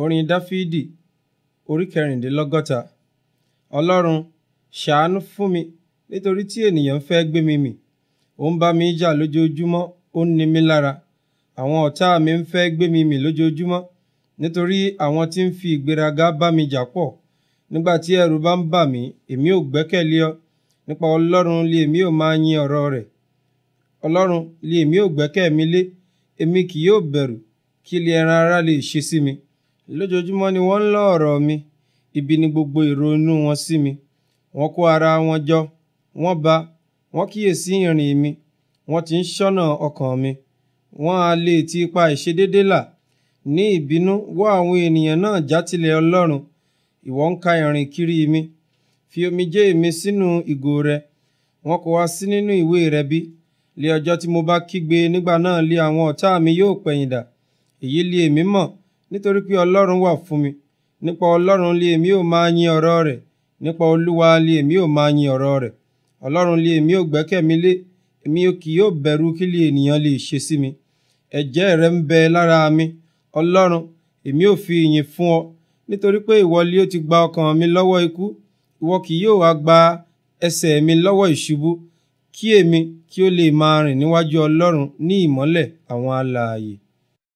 orin dáfídì orí kẹrìndínlọ́gọ́ta ọlọ́run ṣàánú fún mi nítorí tí ènìyàn fẹ́ gbé mi mì ó ń bá mi jà lójoojúmọ́ ó ń ni mí lára àwọn ọ̀tá mi ń fẹ́ gbé mi mì lójoojúmọ́ nítorí àwọn tí ń fi ìgbéraga bá mi jà pọ̀ nígbà tí ẹ̀rù bá ń bà mí èmi ò gbẹ́kẹ̀lé ọ nípa ọlọ́run lé èmi ò máa yìn ọ̀rọ̀ rẹ̀ ọlọ́run lé èmi ò gbẹ́kẹ̀ mi lé èmi kì yóò bẹ̀rù kí lè ẹran ara lè ṣe sí mi lójoojúmọ́ ni wọ́n ń lọ ọ̀rọ̀ mi ibi ni gbogbo èrò wọn sí mi wọ́n kó ara wọn jọ wọ́n ba wọ́n kíyèsí ìrìn mi wọ́n ti ń ṣọ́nà ọkàn mi wọ́n á lè ti ipa ìṣedédé là ní ìbínú wọ́ àwọn ènìyàn náà játilẹ̀ ọlọ́run ìwọ ń ka ìrìn kiri mi fi omijé mi sínú ìgò rẹ wọn kò wá sí nínú ìwé rẹ bí lé ọjọ́ tí mo bá kígbe nígbà náà lé àwọn ọ̀tá mi yóò pẹ̀yìndà èyí lé èmi mọ̀ nítorí pé ọlọ́run wà fún mi nípa ọlọ́run lé èmi ó máa yìn ọ̀rọ̀ rẹ̀ nípa olúwa lé èmi ó máa yìn ọ̀rọ̀ rẹ̀ ọlọ́run lé èmi ó gbẹ́kẹ̀ mi lé èmi kì yóò bẹ̀rù kí lè ènìyàn lè ṣe sí mi ẹ̀jẹ́ rẹ ń bẹ lára mi ọlọ́run èmi ó fi ìyìn fún ọ nítorí pé ìwọ lé ó ti gba ọkàn mi lọ́wọ́ ikú ìwọ kì yóò wá gba ẹsẹ̀ mi lọ́wọ́ ìṣubú kí èmi kí ó lè máa rìn níwájú ọlọ́run ní ìmọ́lẹ̀ àwọn alààyè